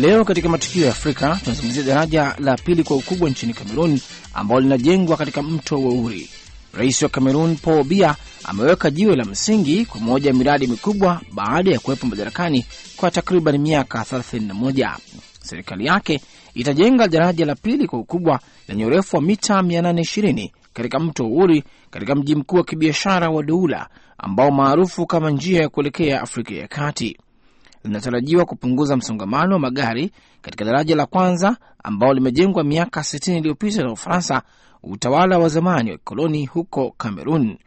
Leo katika matukio ya Afrika tunazungumzia daraja la pili kwa ukubwa nchini Kamerun ambalo linajengwa katika mto wa Uri. Rais wa Kamerun Paul Biya ameweka jiwe la msingi kwa moja ya miradi mikubwa baada ya kuwepo madarakani kwa takriban miaka 31. Serikali yake itajenga daraja la pili kwa ukubwa lenye urefu wa mita 820 katika mto Uri katika mji mkuu wa kibiashara wa doula ambao maarufu kama njia ya kuelekea Afrika ya Kati linatarajiwa kupunguza msongamano wa magari katika daraja la kwanza ambao limejengwa miaka 60 iliyopita na Ufaransa, utawala wa zamani wa kikoloni huko cameron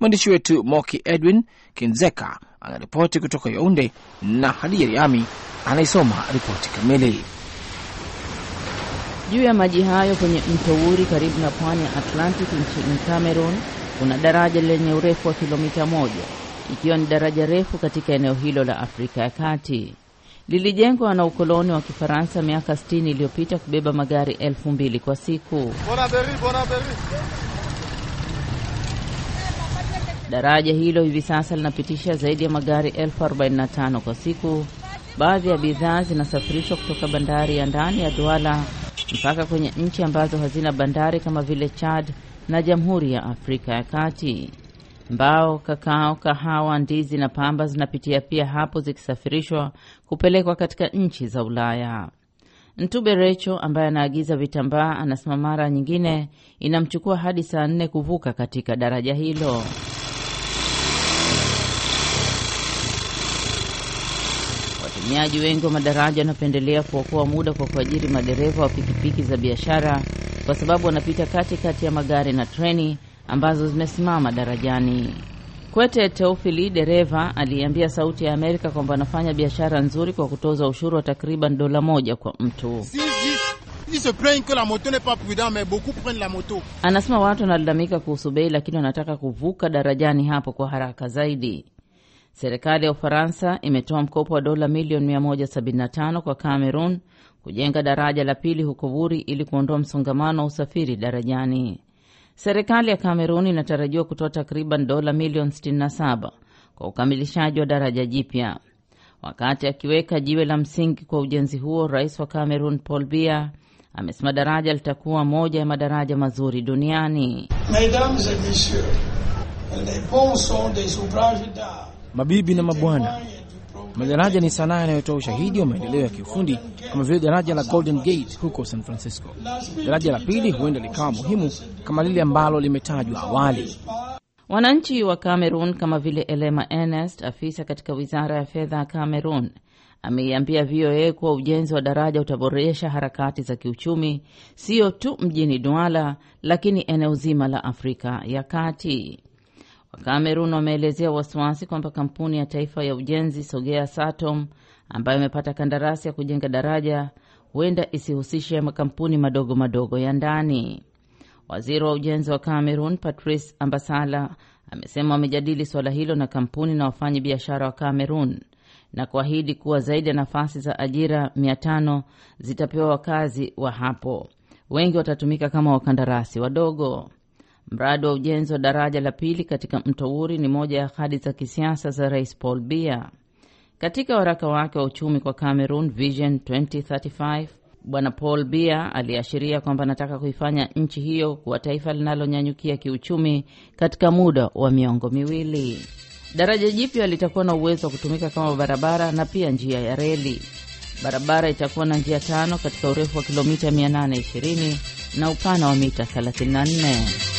Mwandishi wetu Moki Edwin Kinzeka anaripoti kutoka Yaunde na Hadia Riami anaisoma ripoti kamili. Juu ya maji hayo kwenye mto Uri karibu na pwani ya Atlantic nchini Cameroon kuna daraja lenye urefu wa kilomita moja ikiwa ni daraja refu katika eneo hilo la Afrika ya Kati. Lilijengwa na ukoloni wa Kifaransa miaka 60 iliyopita kubeba magari elfu mbili kwa siku. Bona beri, bona beri. Daraja hilo hivi sasa linapitisha zaidi ya magari elfu 45 kwa siku. Baadhi ya bidhaa zinasafirishwa kutoka bandari ya ndani ya Douala mpaka kwenye nchi ambazo hazina bandari kama vile Chad na Jamhuri ya Afrika ya Kati. Mbao, kakao, kahawa, ndizi na pamba zinapitia pia hapo zikisafirishwa kupelekwa katika nchi za Ulaya. Ntube Recho ambaye anaagiza vitambaa anasema mara nyingine inamchukua hadi saa nne kuvuka katika daraja hilo. Watumiaji wengi wa madaraja wanapendelea kuokoa muda kwa kuajiri madereva wa pikipiki za biashara, kwa sababu wanapita kati kati ya magari na treni ambazo zimesimama darajani. Kwete Teofili, dereva, aliambia Sauti ya Amerika kwamba anafanya biashara nzuri kwa kutoza ushuru wa takriban dola moja kwa mtu. Anasema watu wanalalamika kuhusu bei, lakini wanataka kuvuka darajani hapo kwa haraka zaidi. Serikali ya Ufaransa imetoa mkopo wa dola milioni 175 kwa Cameroon kujenga daraja la pili huko Vuri ili kuondoa msongamano wa usafiri darajani. Serikali ya Kamerun inatarajiwa kutoa takriban dola milioni 67 kwa ukamilishaji wa daraja jipya. Wakati akiweka jiwe la msingi kwa ujenzi huo, rais wa Kamerun Paul Biya amesema daraja litakuwa moja ya madaraja mazuri duniani. Mabibi na mabwana, Madaraja ni sanaa yanayotoa ushahidi wa maendeleo ya kiufundi kama vile daraja la Golden Gate huko San Francisco. Daraja la pili huenda likawa muhimu kama lile ambalo limetajwa awali. Wananchi wa Cameroon kama vile Elema Ernest, afisa katika wizara ya fedha ya Cameroon, ameiambia VOA kuwa ujenzi wa daraja utaboresha harakati za kiuchumi sio tu mjini Douala, lakini eneo zima la Afrika ya Kati cameron wameelezea wasiwasi kwamba kampuni ya taifa ya ujenzi Sogea Satom ambayo imepata kandarasi ya kujenga daraja huenda isihusishe makampuni madogo madogo ya ndani. Waziri wa ujenzi wa Cameroon Patrice Ambasala amesema wamejadili suala hilo na kampuni na wafanyi biashara wa Cameroon na kuahidi kuwa zaidi ya nafasi za ajira mia tano zitapewa wakazi wa hapo. Wengi watatumika kama wakandarasi wadogo. Mradi wa ujenzi wa daraja la pili katika mto Uri ni moja ya ahadi za kisiasa za Rais Paul Bia. Katika waraka wake wa uchumi kwa Cameroon Vision 2035, Bwana Paul Bia aliashiria kwamba anataka kuifanya nchi hiyo kuwa taifa linalonyanyukia kiuchumi katika muda wa miongo miwili. Daraja jipya litakuwa na uwezo wa kutumika kama barabara na pia njia ya reli. Barabara itakuwa na njia tano katika urefu wa kilomita 820 na upana wa mita 34.